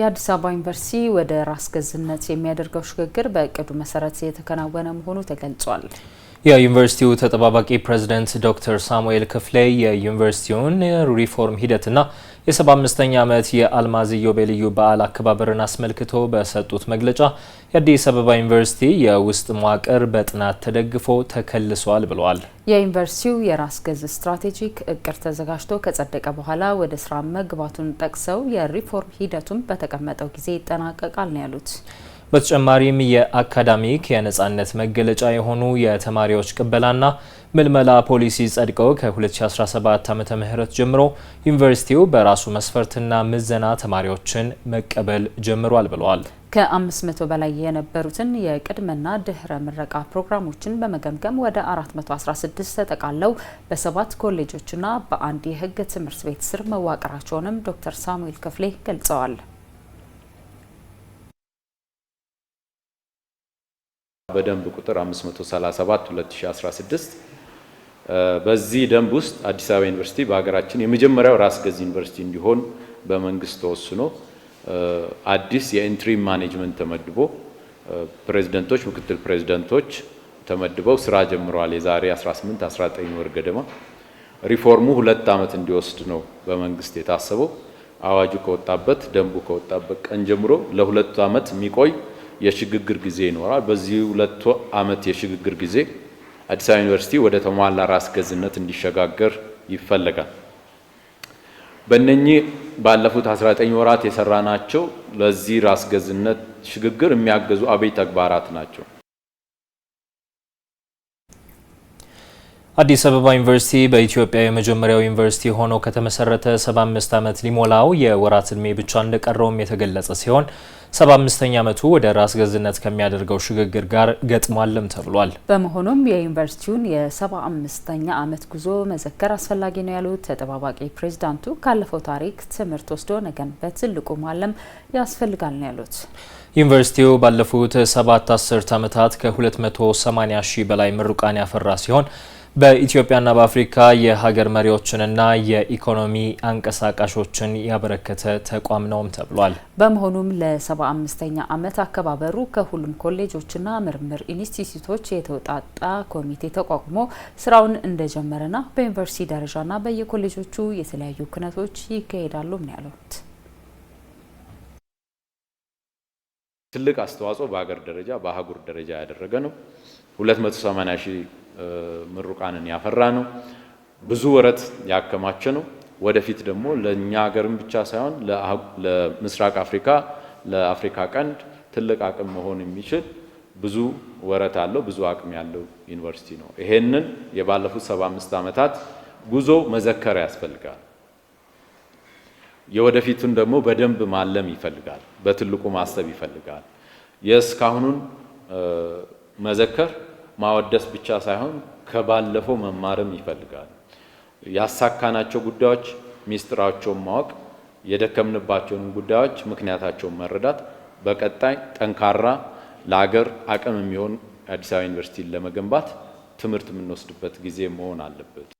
የአዲስ አበባ ዩኒቨርሲቲ ወደ ራስ ገዝነት የሚያደርገው ሽግግር በእቅዱ መሰረት የተከናወነ መሆኑ ተገልጿል። የዩኒቨርሲቲው ተጠባባቂ ፕሬዝደንት ዶክተር ሳሙኤል ክፍሌ የዩኒቨርሲቲውን ሪፎርም ሂደትና የ75ኛ ዓመት የአልማዝ ኢዮቤልዩ በዓል አከባበርን አስመልክቶ በሰጡት መግለጫ የአዲስ አበባ ዩኒቨርሲቲ የውስጥ መዋቅር በጥናት ተደግፎ ተከልሷል ብለዋል። የዩኒቨርሲቲው የራስ ገዝ ስትራቴጂክ እቅድ ተዘጋጅቶ ከጸደቀ በኋላ ወደ ስራ መግባቱን ጠቅሰው የሪፎርም ሂደቱን በተቀመጠው ጊዜ ይጠናቀቃል ነው ያሉት። በተጨማሪም የአካዳሚክ የነጻነት መገለጫ የሆኑ የተማሪዎች ቅበላና ምልመላ ፖሊሲ ጸድቀው ከ2017 ዓ ም ጀምሮ ዩኒቨርሲቲው በራሱ መስፈርትና ምዘና ተማሪዎችን መቀበል ጀምሯል ብለዋል። ከ500 በላይ የነበሩትን የቅድመና ድህረ ምረቃ ፕሮግራሞችን በመገምገም ወደ 416 ተጠቃለው በሰባት ኮሌጆችና በአንድ የህግ ትምህርት ቤት ስር መዋቅራቸውንም ዶክተር ሳሙኤል ክፍሌ ገልጸዋል። በደንብ ቁጥር 537 2016 በዚህ ደንብ ውስጥ አዲስ አበባ ዩኒቨርሲቲ በሀገራችን የመጀመሪያው ራስ ገዝ ዩኒቨርሲቲ እንዲሆን በመንግስት ተወስኖ አዲስ የኢንትሪም ማኔጅመንት ተመድቦ ፕሬዝደንቶች፣ ምክትል ፕሬዝደንቶች ተመድበው ስራ ጀምረዋል። የዛሬ 18 19 ወር ገደማ ሪፎርሙ ሁለት ዓመት እንዲወስድ ነው በመንግስት የታሰበው። አዋጁ ከወጣበት ደንቡ ከወጣበት ቀን ጀምሮ ለሁለቱ ዓመት የሚቆይ የሽግግር ጊዜ ይኖራል። በዚህ ሁለት ዓመት የሽግግር ጊዜ አዲስ አበባ ዩኒቨርሲቲ ወደ ተሟላ ራስ ገዝነት እንዲሸጋገር ይፈለጋል። በእነኚህ ባለፉት 19 ወራት የሰራ ናቸው ለዚህ ራስ ገዝነት ሽግግር የሚያገዙ አበይ ተግባራት ናቸው። አዲስ አበባ ዩኒቨርሲቲ በኢትዮጵያ የመጀመሪያው ዩኒቨርሲቲ ሆኖ ከተመሰረተ 75 ዓመት ሊሞላው የወራት ዕድሜ ብቻ እንደቀረውም የተገለጸ ሲሆን 75ኛ ዓመቱ ወደ ራስ ገዝነት ከሚያደርገው ሽግግር ጋር ገጥሟልም ተብሏል። በመሆኑም የዩኒቨርሲቲውን የ75ኛ ዓመት ጉዞ መዘከር አስፈላጊ ነው ያሉት ተጠባባቂ ፕሬዚዳንቱ ካለፈው ታሪክ ትምህርት ወስዶ ነገን በትልቁ ማለም ያስፈልጋል ነው ያሉት። ዩኒቨርሲቲው ባለፉት ሰባት አስርት ዓመታት ከ280 ሺህ በላይ ምሩቃን ያፈራ ሲሆን በኢትዮጵያና በአፍሪካ የሀገር መሪዎችንና የኢኮኖሚ አንቀሳቃሾችን ያበረከተ ተቋም ነውም ተብሏል። በመሆኑም ለሰባ አምስተኛ ዓመት አከባበሩ ከሁሉም ኮሌጆችና ምርምር ኢንስቲትዩቶች የተውጣጣ ኮሚቴ ተቋቁሞ ስራውን እንደጀመረና በዩኒቨርሲቲ ደረጃና በየኮሌጆቹ የተለያዩ ክነቶች ይካሄዳሉም ነው ያሉት። ትልቅ አስተዋጽኦ በሀገር ደረጃ በአህጉር ደረጃ ያደረገ ነው 280 ምሩቃንን ያፈራ ነው። ብዙ ወረት ያከማቸ ነው። ወደፊት ደግሞ ለእኛ ሀገርም ብቻ ሳይሆን ለምስራቅ አፍሪካ፣ ለአፍሪካ ቀንድ ትልቅ አቅም መሆን የሚችል ብዙ ወረት አለው፣ ብዙ አቅም ያለው ዩኒቨርሲቲ ነው። ይሄንን የባለፉት ሰባ አምስት ዓመታት ጉዞ መዘከር ያስፈልጋል። የወደፊቱን ደግሞ በደንብ ማለም ይፈልጋል። በትልቁ ማሰብ ይፈልጋል። የእስካሁኑን መዘከር ማወደስ ብቻ ሳይሆን ከባለፈው መማርም ይፈልጋል። ያሳካናቸው ጉዳዮች ሚስጥራቸውን ማወቅ፣ የደከምንባቸውን ጉዳዮች ምክንያታቸውን መረዳት፣ በቀጣይ ጠንካራ ለሀገር አቅም የሚሆን አዲስ አበባ ዩኒቨርሲቲን ለመገንባት ትምህርት የምንወስድበት ጊዜ መሆን አለበት።